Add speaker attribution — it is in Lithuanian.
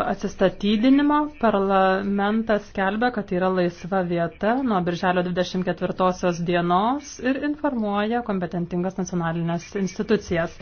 Speaker 1: atsistatydinimo parlamentas skelbia, kad tai yra laisva vieta nuo birželio 24 dienos ir informuoja kompetentingas
Speaker 2: nacionalinės
Speaker 3: institucijas.